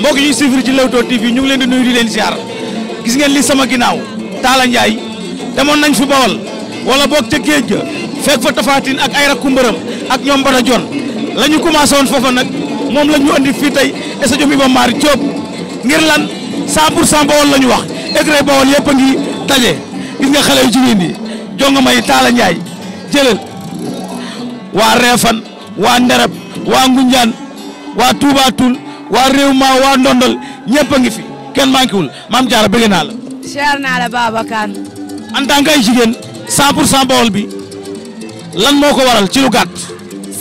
mbokk yi suivre ci Leewtoo TV ñu ngi leen di nuyu di leen ziar gis ngeen li sama ginnaaw Talla Ndiaye nañ fi Bawol wala boog ca géej ga fekk fa tafaatin ak ay rakku mbërëm ak ñoom Bada Dione la ñu commencé woon foofa nag moom la ñu andi fii tey stade Iba Mar Diop ngir lan 100 pour 100 la ñu wax écrés Bawol yëpp a ngi daje gis nga xale yu jigéen ñi jonga may Talla Ndiaye jëlal waa Réfane waa Ndereb waa Ngunjaan waa Touba waa réew ma waa ndondol ñëpp a ngi fi kenn manquéwul maam Diarra bëgg naa la. cher naa la Babacar. en tant que jigéen 100 pour 100 bawol bi lan moo ko waral ci lu gàtt.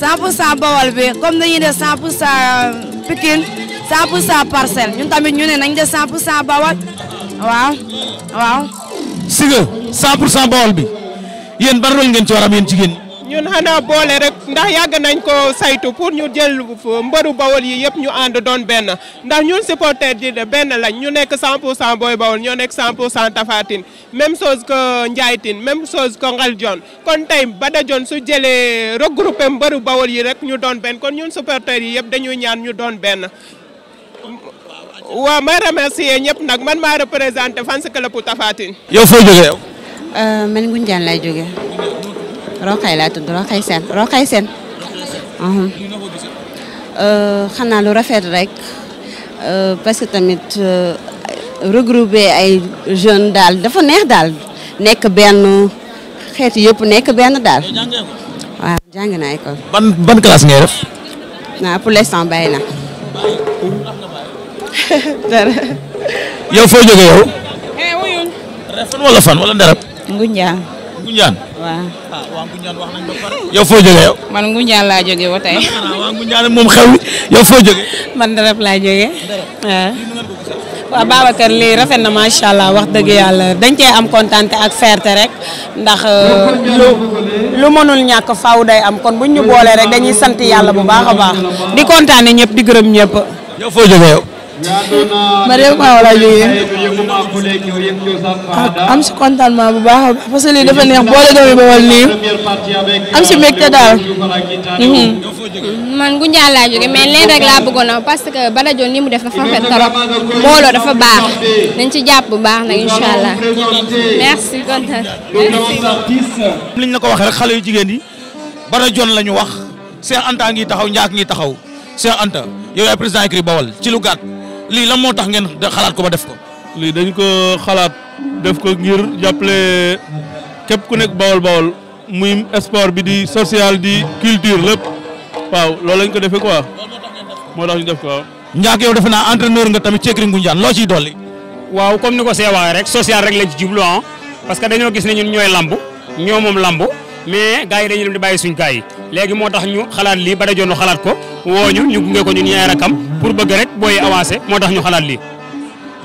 100 pour 100 bawol bi comme dañuy def 100 pour 100 euh, Pikine 100 pour 100 parcelle ñun tamit ñu ne nañ def 100 pour 100 bawol waaw waaw. Siga 100 pour 100 bi yéen ban rôle ngeen ci war a am jigéen ñun xanaa boole rek ndax yàgg nañ ko saytu pour ñu jël mbëru bawol yi yëpp ñu ànd doon benn ndax ñun supporter ji de benn lañ ñu nekk 100 pour cent booy bawol ñoo nekk 100 pour cent tafaatin même chose que njaaytin même chose que ngal jon kon tey bada jon su jëlee regroupé mbëru bawol yi rek ñu doon benn kon ñun supporter yi yëpp dañuy ñaan ñu doon benn waaw may remercier ñëpp nag man maa représenté fans club Tapha Tine yow foo jógee yow euh, man Ngoundiane lay jógee Roqay laa tudd Roqay Sène Roqay Sène mhm. euh, xanaa lu rafet rek euh, parce que tamit euh, regrouper ay jeunes daal dafa neex daal nekk benn xeeti yëpp nekk benn daal. waaw jàng naa école. ban ban ngay def. naa pour l'instant bàyyi na. dara. yow foo jógee yow. eh wuyuñ. fan wala fan wala ndarab. Ngunjaan. Ngunjaan. waaw. yow foo jógee yow. man Ngoundiane laa jógee ba tey. waaw Ngoundiane moom xew yow foo jógee. man darab laa jógee. waaw. waaw Babacar lii rafet na macha allah wax dëgg yàlla dañ cee am kontaan ak fierté rek ndax euh, lu lu mënul ñàkk faaw day am kon buñ ñu boole rek dañuy sant yàlla bu baax a baax di kontaane ñëpp di gërëm ñëpp. ma réew maa wala jógee ah, am si contentement bu baax a baax parce dafa neex boole doomi Bawol nii am si mbégte daal. Mhm. man gu Njaay laa jógee mais leen rek laa bëggoon a parce que Badajo ni mu def dafa rafet trop mbooloo dafa baax nañ ci jàpp bu baax nag incha allah merci kontaan. comme liñ la ko waxee rek xale yu jigéen yi Badajo la ñu wax Cheikh Anta ngi taxaw Ndiak ngi taxaw Cheikh Anta yow yaay président écurie Bawol ci lu gat lii lan moo tax ngeen xalaat ko ba def ko. lii dañu ko xalaat def ko ngir jàppale képp ku nekk bawol bawol muy sport bi di social di culture lépp waaw loolu lañ ko defee ko moo tax ko Ndiak yow defe naa entraîneur nga tamit ceekri jaan loo ci dolli. waaw comme ni ko see rek social rek lañ ci jublu ah. parce que dañoo gis ne ñun ñooy lambu ñoo moom lambu mais gars yi dañu dem di bàyyi suñ gars yi. léegi moo tax ñu xalaat lii ba dajoonu xalaat ko wooñu ñu gunge ko ñun ñaay rakam pour bëgg rek booy avancé moo tax ñu xalaat lii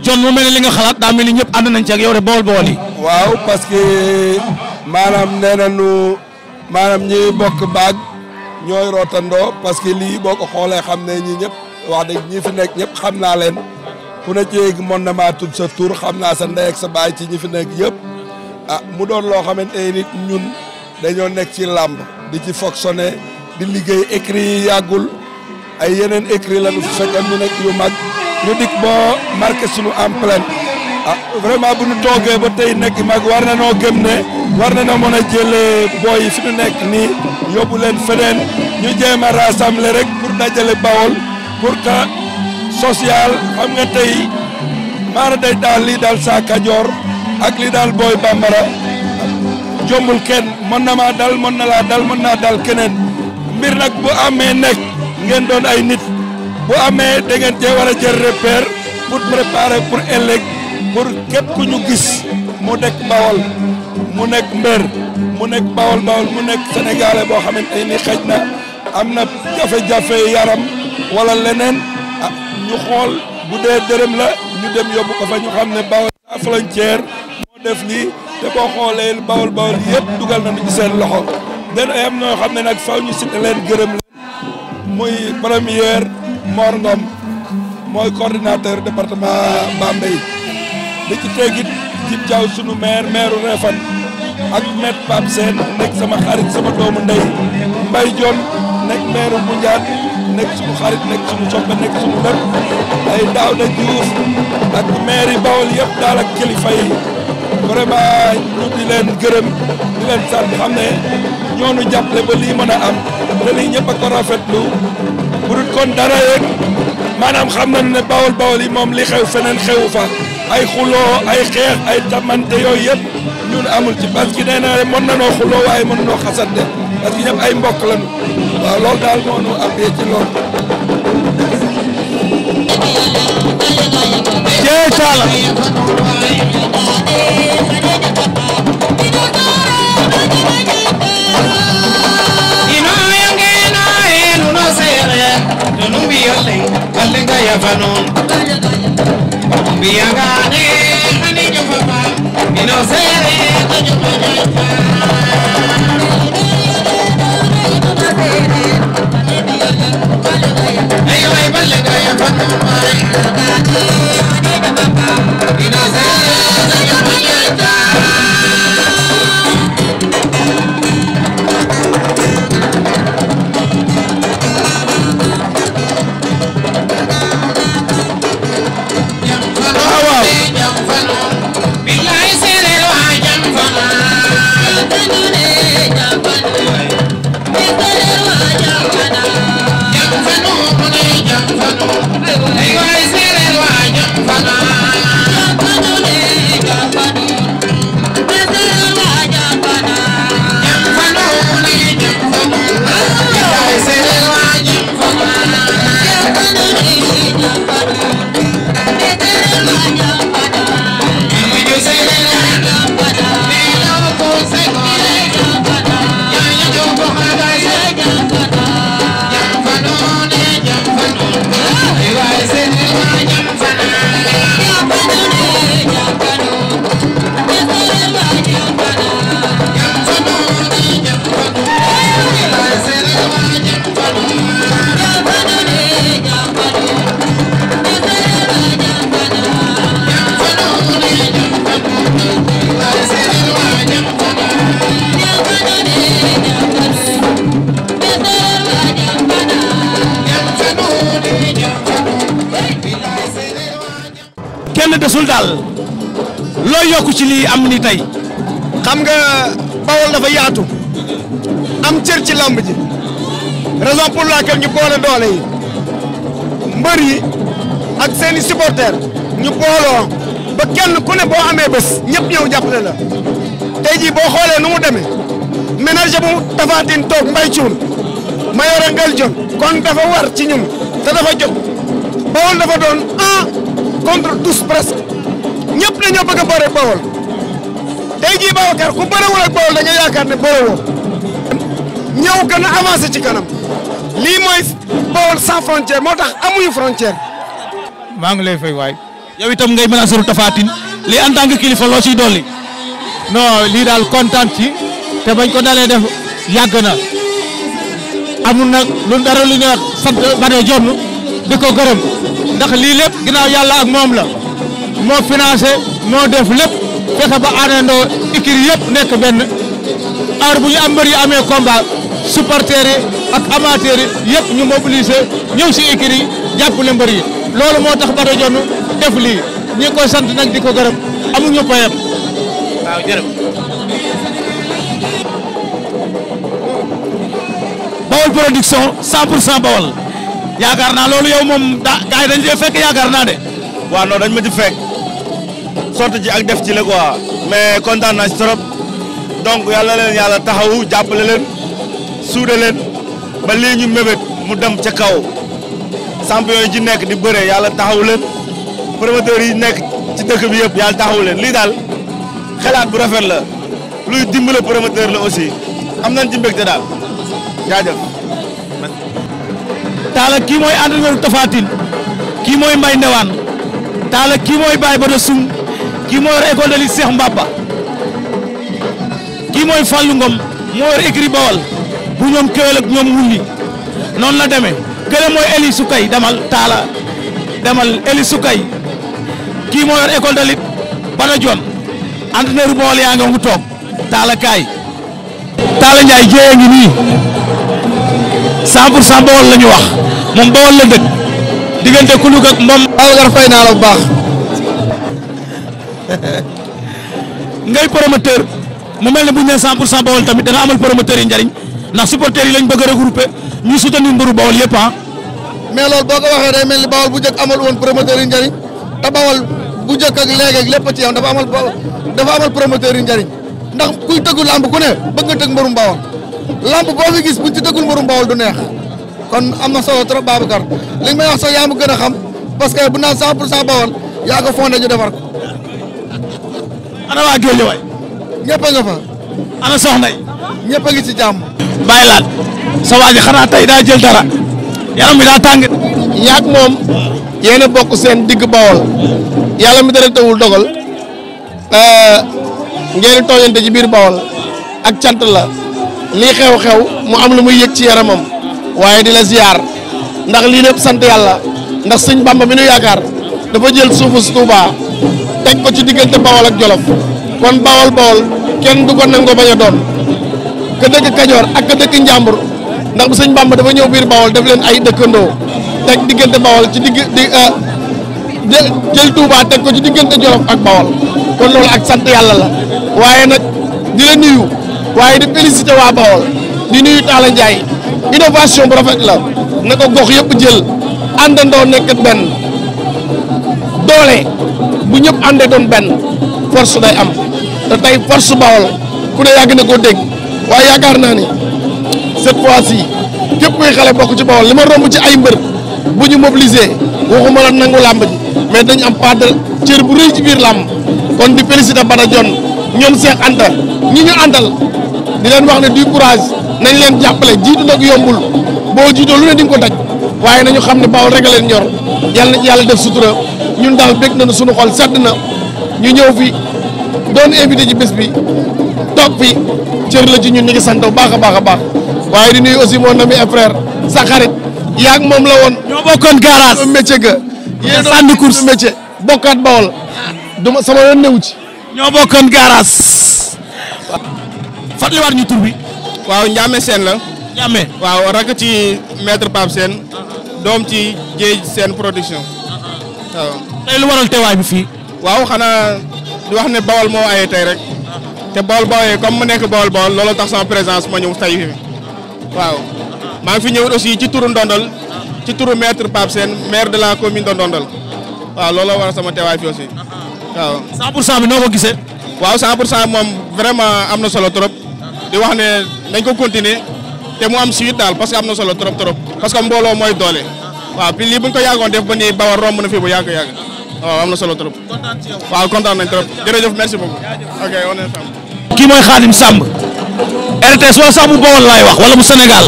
John mu mel ne li nga xalaat daa mel ni ñëpp nañ ci ak yow de bool bool parce que maanaam nee nañu maanaam ñi bokk baag ñooy rootandoo parce que lii boo ko xoolee xam ne ñi ñëpp wax dëgg ñi fi nekk ñëpp xam naa leen ku na jéeg moon na maa tudd sa tur xam naa sa ndey sa baay ci ñi fi nekk yëpp ah mu doon loo xamante nit ñun dañoo nekk ci làmb di ci fonctionner di liggéey écrit yi yàggul ay yeneen écrit la ñu fekk mu mag ñu dikk boo marqué suñu en plein ah vraiment bu ñu toogee ba tey nekk mag war na noo gëm ne war na noo mën a jëlee booy yi fi ñu nekk nii yóbbu leen feneen ñu jéem a rassembler rek pour dajale Bawol pour que social xam nga tey maanaam day daal lii daal saa Kajoor ak lii daal booy Bambara. jombul kenn mën na maa dal mën na laa dal mën naa dal keneen mbir nag bu amee nekk ngeen doon ay nit bu amee dangeen ngeen cee war a jël repère pour préparer pour ëllëg pour képp ku ñu gis mu nekk bawol mu nekk mbër mu nekk bawol bawol mu nekk sénégalais boo xamante ni xëj na am na jafe-jafe yaram wala leneen ah, ñu xool bu dee dërëm la ñu dem yóbbu ko fa ñu xam ne bawol la frontière moo def lii te boo xoolee bawol bawol yëpp dugal nañu ci seen loxo den ay am noo xam ne nag faw ñu cité leen gërëm leen muy première Mor Ngom mooy coordinateur département Bambey di ci tegit Djib Diaw sunu maire maire Réfane ak maître Pape nekk sama xarit sama doomu ndey Mbaye Dione nekk maire Koundiane nekk sunu xarit nekk sunu soppe nekk sunu lépp ay daaw da Diouf ak maire bawol yëpp daal ak kilifa yi vraiment ñu di leen gërëm di leen sant xam ne ñoo ñu jàppale ba lii mën a am te lii ñëpp a ko rafetlu bu dul kon dara yeeg maanaam xam nañ ne bawol bawol yi moom li xew feneen xewu fa ay xuloo ay xeex ay tamante yooyu yëpp ñun amul ci parce que nee naa ne mën xuloo waaye mën nanoo xasante parce que ñëpp ay mbokk lañu waa loolu daal moo ñu appuyé ci loolu. jee caala kalenga ya fanon biyaga ne ani nyumba mino sere to nyumba nyumba Hey, hey, hey, mosul daal loo yokku ci li am ni tey xam nga bawol dafa yaatu am cër ci lamb ji raison pour laquelle ñu boole doole yi mbër ak seeni supporters ñu booloo ba kenn ku boo amee bés ñëpp ñëw jàppale la tey jii boo xoolee nu mu demee ménage bu tafaatin toog mbay cuun ma nga ngel jot kon dafa war ci ñun te dafa jot bawol dafa doon ah contre tous presque ñëpp dañoo bëgg a bëre Bawol tey jii Babacar ku bërewul ak Bawol da nga yaakaar ne bërewoo ñëw gën a avancé ci kanam lii mooy Bawol sans frontière moo tax amuñu frontière. maa ngi lay fay waay. yow itam ngay menacer a Tine lii en tant que kilifa loo ciy dolli. non lii daal kontaan ci te bañ ko dalee def yàgg na lu dara lu ñu sant ba dee jonn di ko gërëm ndax lii lépp ginnaaw yàlla ak moom la moo financé moo def lépp fexe ba àndandoo ikir yëpp nekk benn heure bu ñu am mbër yi amee combat supporters ak amateurs yi yëpp ñu mobiliser ñëw si ikir yi jàppale mbër yi loolu moo tax Bada def lii ñi ko sant nag di ko gërëm amuñu payam waaw jërëm Bawol production 100 pour 100 Bawol yaakaar naa loolu yow moom daa gars yi dañ cee fekk yaakaar naa de. waaw non dañ ma ci fekk ji ak def ci la quoi mais kontaan naa ci trop donc yàlla leen yàlla taxawu jàppale leen suude leen ba lii ñu mébét mu dem ca kaw champion yi ci nekk di bëre yàlla taxawu leen promoteurs yi nekk ci dëkk bi yëpp yàlla taxawu leen lii daal xalaat bu rafet la luy dimbale promoteur la aussi am nañ ci mbégte daal jaajëf. taala kii mooy entraîneur Tapha Tine kii mooy Mbaye Ndewane taala kii mooy Baye Bada Sum kii moo yor école de lutte Cheikh mooy Fallou Ngom bu ñoom kéwél ak ñoom wulli noonu la demee kële mooy Eli Sukay demal taala demal Eli Sukay kii moo yor école de lutte Bada Dione entraîneur Bawal yaa nga ngu toog taala kaay taala Ndiaye jéeye ngi nii 100 wax moom bawal la dëkk diggante Kuluk ak moom. Babacar fay naa la bu baax. ngay promoteur mu mel ne bu ñu nee 100 pour 100 bawal tamit da nga amal promoteur yi njariñ ndax supporters yi lañ bëgg a regroupé ñu soutenir mbëru bawal yëpp ah. mais loolu boo ko waxee day mel ni bawal bu amal woon promoteur yi njariñ te bawal bu njëkk ak léegi lépp ci yam dafa amal dafa amal promoteur yi njariñ ndax kuy tëggu lamb ku ne bëgg nga tëgg mbëru bawal lamb boo fi gis buñ ci tëggul mbëru bawal du neex. kon am na solo trop Babacar li nga may wax sax yaa ma gën a xam parce que bu naan 100 pour 100 Bawol yaa ko fondé ñu defar ana waa Géejawaay. ñëpp a nga fa. ana soxna yi. ngi ci jàmm. bàyyi laat sa waa xanaa tey daa dara. yaram bi daa tàng. yaag moom yéen bokk seen digg Bawol yàlla mi dara tawul dogal euh, ngeen tooñante ci biir Bawol ak cant la lii xew-xew mu am lu muy yëg ci yaramam. waaye di la ziar ndax lii lépp sant yàlla ndax sëñ bamba mi nu yaakaar dafa jël suufu si teg ko ci diggante Bawol ak Jolof kon Bawol Bawol kenn du ko bañ a doon ka dëkk Kajoor ak ka dëkk Njàmbur ndax bu sëñ bamba dafa ñëw biir Bawol def leen ay dëkkandoo teg diggante Bawol ci digg di euh, jël Touba teg ko ci diggante Jolof ak Bawol kon loolu ak sant yàlla la waaye nag di la nuyu waaye di félicité waa Bawol di nuyu Talla innovation bu rafet la na ko gox yëpp jël àndandoo nekk benn doole bu ñëpp àndee doon benn force day am te tey force Bawol ku ne yàgg ne koo dégg waaye yaakaar naa ni cette fois-ci képp kuy xale bokk ci Bawol li ma romb ci ay mbër bu ñu mobiliser waxuma la nangu làmb mais dañu am part cër bu rëy ci biir làmb kon di féliciter na Dione ñoom Cheikh Anta ñi ñu àndal di leen wax ne du courage nañ leen jàppale jiitu nag yombul boo jiitoo lu ne di ko daj waaye nañu xam ne Bawol rek leen ñor yàlla na yàlla def sutura ñun daal bég nañu sunu xol sedd na ñu ñëw fi doon invité ci bés bi toog fi cër la ci ñun ñu ngi sant bu baax a baax a baax waaye di nuyu aussi mon na et frère sa xarit yaa ngi moom la woon. ñoo bokkoon garage ñoo métier ga. yéen sànni course métier bokkaat Bawol duma sama yoon newu ci. ñoo bokkoon garage. bi. waaw Ndiame seen la. Ndiame waaw rakk ci maître Pape Sène. doom ci Jéej seen production. waaw. tey lu waral teewaay bi fii. waaw xanaa di wax ne bawal moo aye tey rek. te bawal bawal comme mu nekk bawal bawal loolu tax sama présence moo ñëw tey waaw maa ngi fi ñëw aussi ci turu Ndondol. ci turu maître Pape Sène maire de la commune de Ndondol. waaw looloo waral sama teewaay fi aussi. waaw 100 pour cent bi noo ko gisee. waaw 100 pour cent moom vraiment am na solo trop. di wax ne nañ ko continuer te mu am suite daal parce que am na solo trop trop parce que mbooloo mooy doole waaw puis lii buñ ko yàggoon def ba nii Bawar romb na fi bu yàgg yàgg waaw am na solo trop waaw kontaan nañ trop jërëjëf merci beaucoup ok on est ensemble. kii mooy Khadim Samb RTS wala sax bu Bawol laay wax wala bu Sénégal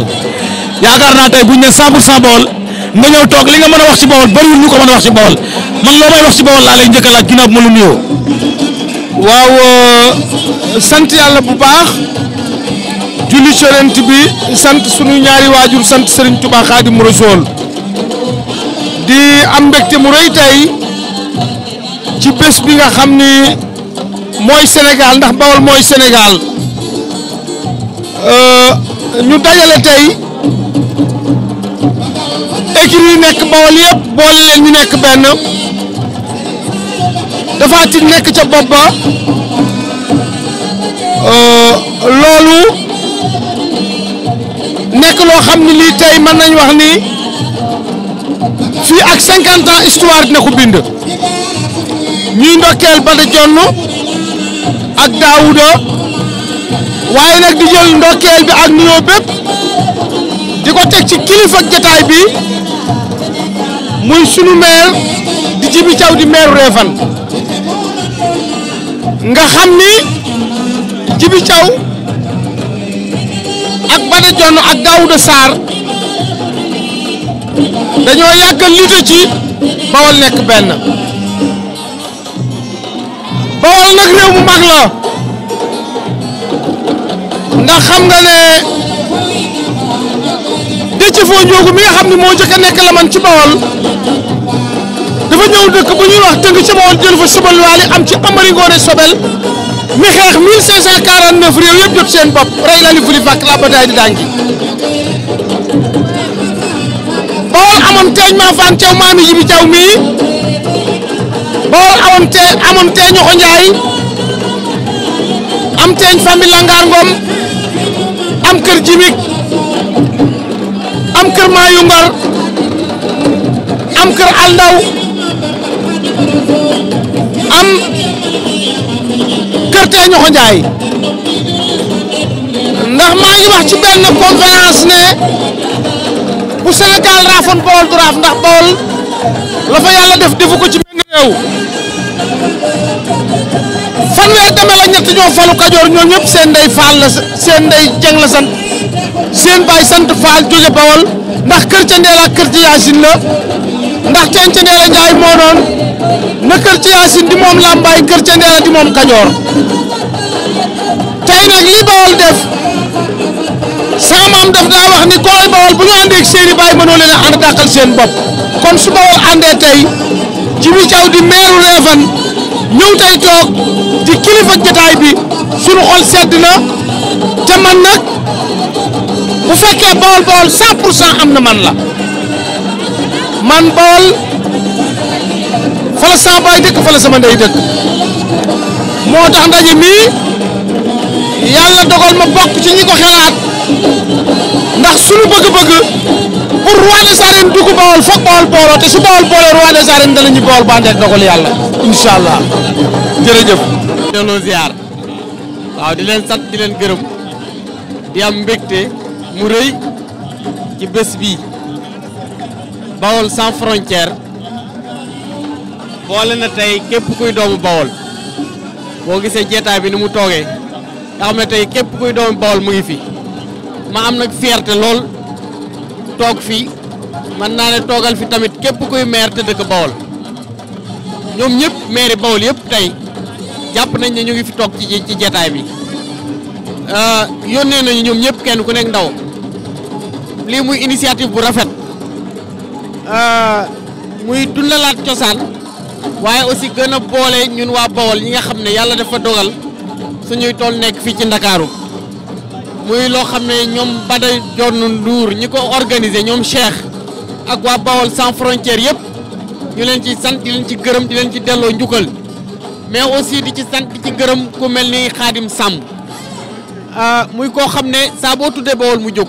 yaakaar naa tey buñ ne 100 pour 100 Bawol nga ñëw toog li nga mën a wax ci Bawol bëriwul ñu ko mën a wax ci Bawol man loo may wax ci Bawol laa lay njëkk a laaj ginnaaw ma lu nuyoo. waaw euh, sant yàlla bu baax. julli corent bi sant sunu ñaari waajur sant Serigne Touba Khadim Rassoul di am mbégte mu rëy tey ci bés bi nga xam ni mooy Sénégal ndax Bawol mooy Sénégal euh, ñu dajale tey écurie yi nekk Bawol yëpp boole ñu nekk benn Tapha Tine nekk ca bopp euh, loolu. nekk loo xam ne lii tey mën nañ wax ni fii ak 50 ans histoire dina ko bind ñuy ndokkeel Bada Jonn ak Daawuda waaye nag di jël ndokkeel bi ak nuyoo bépp di ko teg ci kilifa ak jataay bi muy sunu maire di Djibi Thiaw di maire Réfane nga xam ni Djibi Thiaw ak Bada Dione ak Daouda Sarr dañoo yàgg lite ci Bawol nekk benn Bawol nag réew mu mag la ndax xam nga ne Déthié Fo Ndiogou mi nga xam ne moo njëkk a nekk la man ci Bawol dafa ñëw dëkk bu ñuy wax tënk ci Bawol jël fa sobal waale am ci Amari Ngoone Sobel mi xeex 1549 réew yëpp jot seen bopp rey la li fuli fàkk la bataille di Danki Bawol amoon teeñ maa faan caw maami Jibi Caw mii Bawol amoon tee amoon teeñu am teeñ famille Langaar Ngom am kër Jimik am kër Maayu Ngor am kër Aldaw am supporter ñoxo ndax maa ngi wax ci benn conférence ne bu Sénégal raafoon Bawol du raaf ndax Bawol la fa yàlla def defu ko ci benn réew fanweer deme la ñett ñoo falu Kajoor ñoom ñëpp seen ndey Faal la seen ndey Jeng la sant seen baay sant Faal jóge Bawol ndax kër ca la ndax Thienthia Ndella Ndiaye na kër ci Yacine di moom Lambaye kër ca di moom Kajoor tey nag li Bawol def sama maam daf daa wax ni kooy Bawol bu ñu àndee ak seen i baay mënoo leen a seen bopp kon su Bawol àndee tey Djibi Thiaw di meeru Réfane ñëw tey toog di kilifa jotaay bi sunu xol sedd na te man nag bu fekkee Bawol Bawol 100 pour cent am na man la. man Bawol fala sama baay dëkk fala sama ndey dëkk moo tax ndaje mii yàlla dogal ma bokk ci ñi ko xelaat ndax sunu bëgg-bëgg pour roi des dugg Bawol foog Bawol booloo te su Bawol booloo roi des arènes dana ñu Bawol ba ndeeg dogal yàlla incha allah jërëjëf. ñoo ziar waaw di leen sant di leen gërëm di am mbégte mu rëy ci bés bii. Bawol sans frontière boole na tey képp kuy doomu Bawol boo gisee jeetaay bi ni mu toogee nga xam ne tey képp kuy doomu Bawol mu ngi fi ma am na fierté lool toog fi man naa ne toogal fi tamit képp kuy maire te dëkk Bawol ñoom ñëpp maire Bawol yëpp tey jàpp nañ ne ñu ngi fi toog ci ci jeetaay bi euh, yónnee nañu ñoom ñëpp kenn ku nekk ndaw lii muy initiative bu rafet Euh, muy dundalaat cosaan waaye aussi gën a boole ñun waa Bawol ñi nga xam ne yàlla dafa dogal suñuy tool nekk fii ci Ndakaaru muy loo xam ne ñoom Bada Jonn Ndour ñi ko organiser ñoom Cheikh ak waa Bawol sans frontières yëpp ñu leen ci sant di leen ci gërëm di leen ci delloo njukkal mais aussi di ci sant di ci gërëm ku mel ni Xaadim Samb euh, muy koo xam ne saa boo tuddee Bawol mu jóg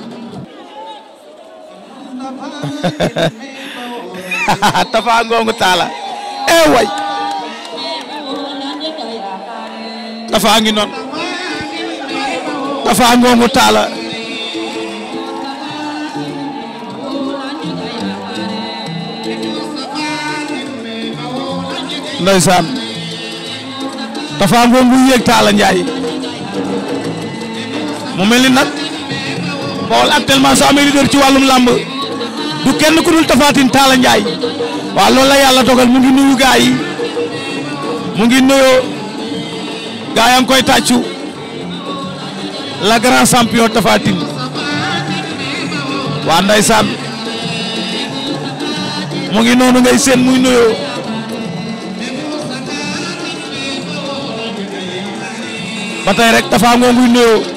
Tapha Ngongu Talla eh way Tapha ngi noonu Tapha Ngongu Talla ndeysaan Tapha Ngongu yéeg Talla Ndiaye mu mel ni nag Bawol actuellement sa amee leader ci wàllum làmb du kenn ku dul tafaatin Talla Ndiaye waaw loolu la yàlla dogal mu ngi nuyu gaa yi mu ngi nuyoo gaa yaa ngi koy tàccu la grand champion tafaatin waa ndeysaan mu ngi noonu ngay séen muy nuyoo ba rek Tafa ngoo nguy nuyoo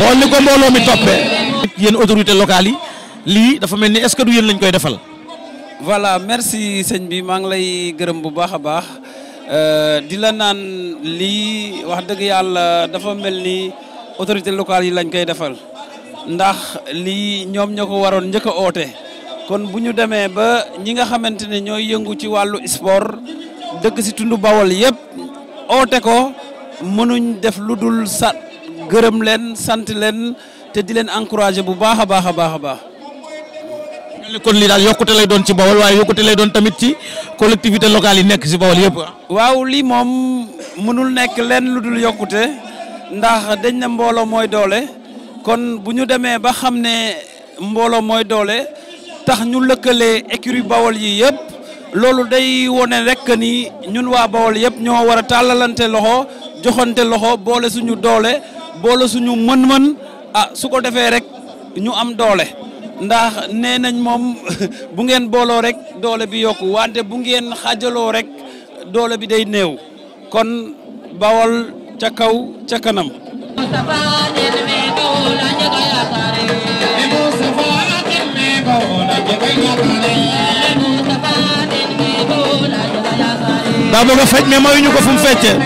xool ni ko mbooloo mi toppee. yéen autorité locales yi lii dafa mel ni est-ce que du yéen lañ koy defal. voilà merci sëñ bi maa ngi lay gërëm bu baax a baax euh, di la naan lii wax dëgg yàlla dafa mel ni autorité locales yi lañ koy defal ndax lii ñoom ñoo ko waroon njëkk a oote kon bu ñu demee ba ñi nga xamante ne ñooy yëngu ci wàllu sport dëkk si tundu bawol yëpp oote ko mënuñ def lu dul sa. gërëm leen sant leen te di leen encouragé bu baax a baax a baax a baax. kon lii daal yokkute lay doon ci Bawol waaye yokkute lay doon tamit ci collectivité locale yi nekk ci Bawol yëpp. waaw lii moom mënul nekk leen lu dul yokkute ndax dañ na mbooloo mooy doole kon bu ñu demee ba xam ne mbooloo mooy doole tax ñu lëkkalee écurie Bawol yi yëpp. loolu day wone rekk ni ñun waa Bawol yëpp ñoo war a tàllalante loxo joxante loxo boole suñu doole boole suñu mën-mën a ah, su ko defee rek ñu am doole ndax nee nañ moom bu ngeen booloo rekk doole bi yokk wante bu ngeen xajaloo rek doole bi day néew kon Bawol ca kaw ca kanam. daa bëgg a fecc mais mayuñu ko fu mu feccee.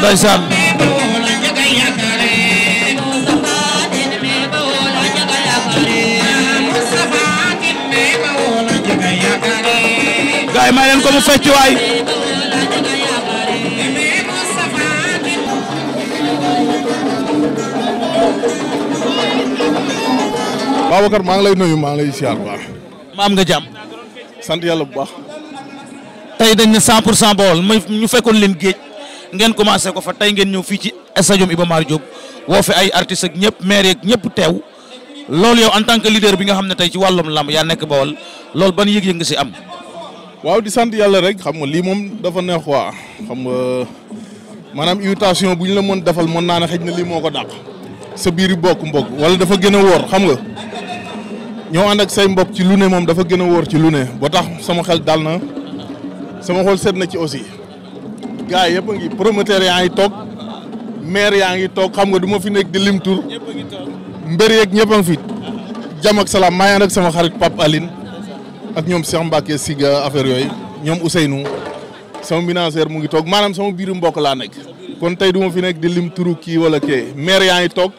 ndeysaan. gars may leen ko mu fecc Babacar maa ngi lay maa lay siyaar waaw. ma am nga jàmm. sant yàlla bu baax. tey dañ ne 100 pour 100 Bawol ñu fekkoon leen géej ngeen commencé ko fa tey ngeen ñëw fii ci stadium Iba Mar Diop woo fi ay artistes ak ñëpp maire yeeg ñëpp teew loolu yow en tant que leader bi nga xam ne tey ci wàllum lamb yaa nekk Bawol loolu ban yëg-yëg nga si am. waaw di sant yàlla rek xam nga lii moom dafa neex waa xam nga maanaam invitation bu ñu la mën defal mën naa ne xëj na lii moo ko dàq xam nga. ñoo ànd ak say mbokk ci lu ne moom dafa gën a wóor ci lu ne boo tax sama xel daal na sama xool seet na ci aussi gars yëpp a ngi promoteur yaa ngi toog maire yaa ngi toog xam nga du ma fi nekk di lim mbër yeeg ñëpp a fi jàmm ak salaam maa ngi sama xarit Pape Aline ak ñoom Cheikh Mbacke Siga affaire yooyu ñoom Ousseynou sama financier mu ngi toog maanaam sama biiru mbokk laa nekk kon tey du ma fi nekk di lim turu kii wala maire yaa ngi toog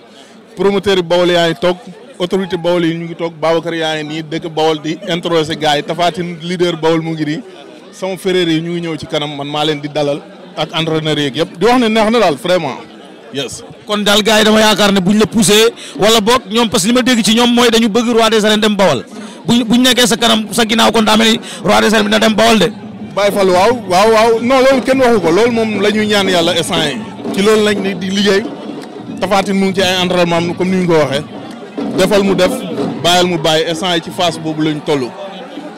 promoteur yi Bawol yaa ngi toog. autorité Bawol yi ñu ngi toog Babacar yaa ngi nii dëkk Bawol di introsé gars yi tafaatin leader Bawol mu ngi nii sama frère yi ñu ngi ñëw ci kanam man maa leen di dalal ak entraîneur yeeg yëpp di wax ne neex na daal vraiment yes. kon daal gars yi dama yaakaar ne bu buñ la poussé wala boog ñoom parce que li ma dégg ci ñoom mooy dañu bëgg roi des arènes dem Bawol buñ buñ nekkee sa kanam sa ginnaaw kon dem Bawol de. Baye Fall waaw waaw waaw non loolu kenn waxu ko loolu moom la ñuy ñaan yàlla instant yi ci loolu lañ di liggéey tafaatin mu ngi ci comme ni ñu ko waxee defal mu def bàyyal mu bàyyi instant yi ci phase boobu lañu toll.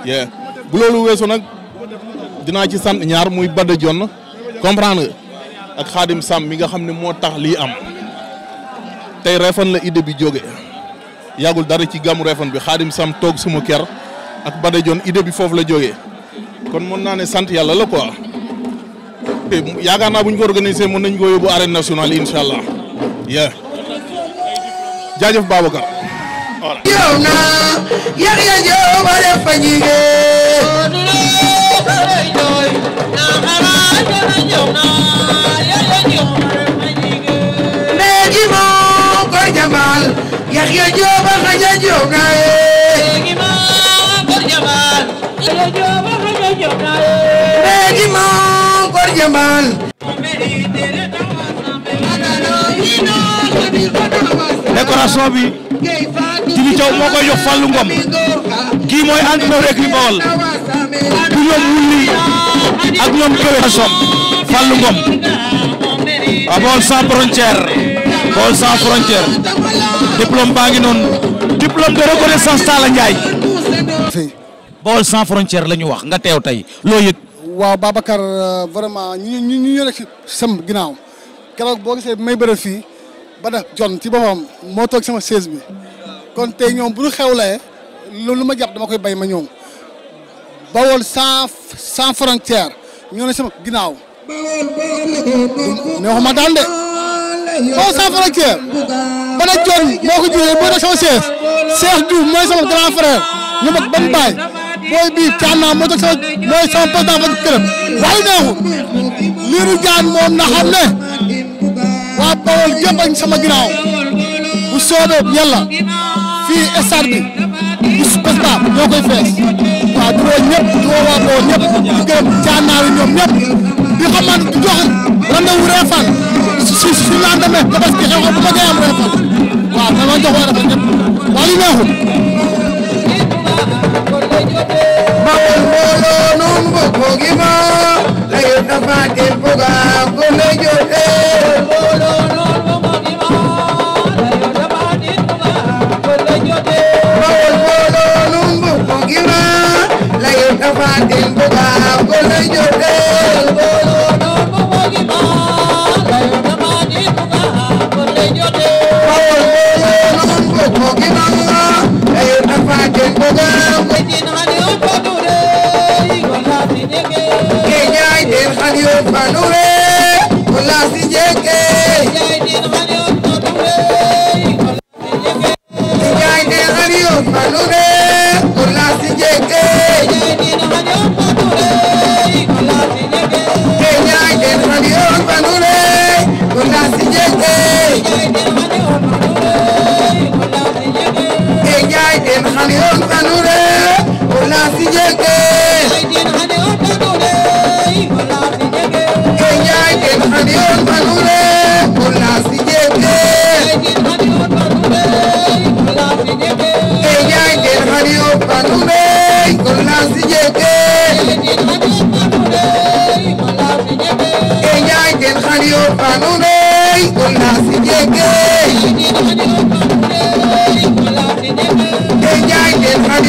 yeah bu loolu weesoo nag dinaa ci sant ñaar muy Bada Dione comprendre ak Xaadim Sam mi nga xam ne moo tax lii am tey Refane la idée bi jóge yàggul dara ci gàmmu Refane bi Xaadim Sam toog suma ker ak Bada Dione idée bi foofu la jóge kon mën naa ne sant yàlla la quoi te eh, yaakaar naa bu ñu ko organisé mën nañ koo yóbbu arène nationale incha jaajëf Babacar. yow naa yàq ya ñëw ba def fa yax ya jooba xaja jooga yax ya jooba xaja jooga décoration bi Djibi Thiaw moo koy jox Fallou kii mooy entraîneur écurie Bawol bu ñoom wulli ak ñoom këwe som Fallou Bawol sans frontière Bawol sans frontière diplôme baa ngi noonu diplôme de reconnaissance Talla Bawol sans frontière la wax nga teew tey loo yëg waaw Babacar euh, vraiment ñu ñu ñu ñu nekk sam ginnaaw keroog boo gisee bi may bëral fii ba def jon ci boppam moo toog sama chaise bi kon tey ñoom bu ñu xewlee loolu ma jàpp dama koy bay ma ñoom bawol sans sans frontière ñoo ne sama ginnaaw ne waxuma daan sama chaise Cheikh Diouf mooy sama grand frère ñu mag ban baay booy bii cànnaa mooy sama président ba këram waaye neexu liiru jaan moom na xam ne waa Bawol yëpp añ sama ginnaaw bu soobee bu bés ba ñoo fees waa Bawol ñëpp di gërëm jaanaaru ñoom ñëpp di xamal di jox rendez-vous Réfane su su su la bu ma gay am Réfane waaw dama jox waa Réfane ñëpp waa li neexul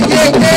Yeah, yeah.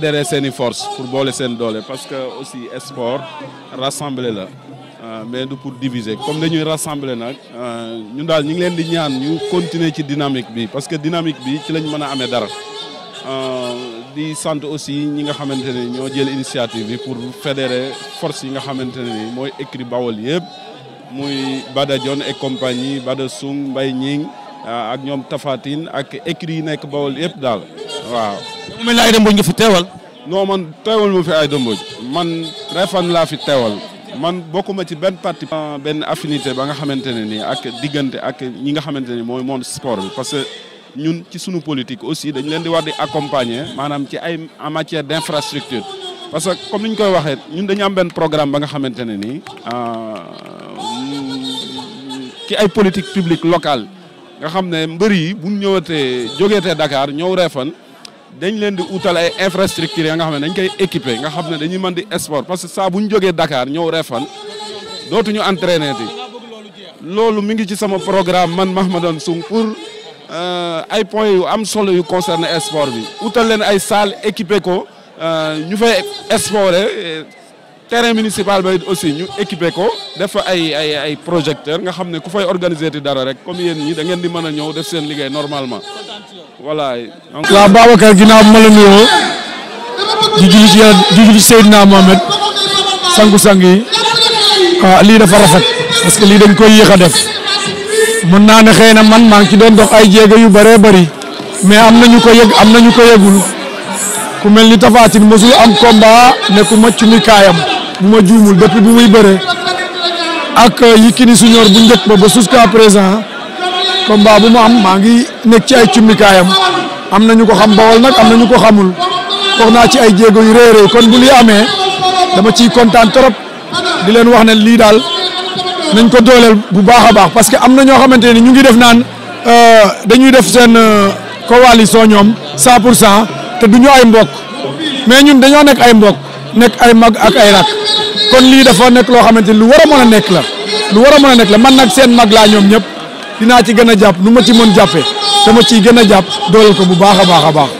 fédérer seen i force pour boole seen doole parce que aussi sport rassembler la euh, mais du pour diviser comme dañuy rassembler nag euh, ñun daal ñu ngi leen di ñaan ñu continuer ci dynamique bi parce que dynamique bi ci lañ mën a amee dara euh, di sant aussi ñi nga xamante ne ñoo jël initiative bi pour fédérer force yi nga xamante ne ni mooy écrit Bawol yëpp muy Bada Dione et compagnie Bada Sung Mbay Ñing ak ñoom Tafatine ak écrit yi nekk Bawol yëpp daal waaw mu mel ne Aïda Mbodj nga fi teewal. non man teewal ma fi ay Mbodj man Refane laa fi teewal man bokkuma ci benn parti. benn affinité ba nga xamante ne nii ak diggante ak ñi nga xamante ni mooy monde sport bi parce que ñun ci sunu politique aussi dañ leen di wax di accompagner maanaam ci ay en matière d' infrastructure. parce que comme ni ñu koy waxee ñun dañu am benn programme ba nga xamante ne nii ah, ki ay politique publique local nga xam ne mbër yi bu ñu ñëwatee jógeetee Dakar ñëw Refane. dañ leen di utal ay infrastructure ya nga xam ne dañ koy équiper nga xam ne dañuy mën di sport parce que saa bu ñu jógee Dakar ñëw Refane dootuñu entraîner ti loolu mi ngi ci sama programme man Mahmadan Sung pour euh, ay points yu am solo yu concerné sport bi utal leen ay salle équipé ko euh, ñu fay sporté terrain municipal ba aussi ñu équipé ko def fa ay ay ay projecteur nga xam ne ku fay organiser ti dara rek comme yéen ñi da ngeen di mën a ñëw def seen liggéey normalement voilà. donc la Babacar ginnaaw bi ma la nuyoo di julli ci yàlla di julli sangu-sang yi ah, lii dafa rafet parce que lii dañ koy yéex a def mën naa ne xëy na man maa ngi ci doon dox ay jéego yu bëree bari mais am na ñu ko yëg am na ñu ko yëgul ku mel ni Tapha Tine mosul am combat ne ku màcc kaayam. bu ma juumul depuis bu muy bëree ak Yékini Junior bu njëkk ba ba jusqu'à présent combat bu mu am maa ngi nekk ci ay cummikaayam am na ñu ko xam bawal nag am na ñu ko xamul foog naa ci ay jéego yu réeréy kon bu li amee dama ciy kontaan trop di leen wax na lii daal nañ ko dooleel bu baax a baax parce que am na ñoo xamante ni ñu ngi def naan euh, dañuy def seen euh, coalition ñoom 100 pour cent te du ñu ay mbokk mais ñun dañoo nekk ay mbokk. nekk ay mag ak ay rak kon lii dafa nekk loo xamante ni lu war a mën a nekk la lu war a mën nekk la man nag seen mag laa ñoom ñëpp dinaa ci gën a jàpp nu ma ci mën jàppee dama ci gën a jàpp dooleel ko bu baax a baax a baax.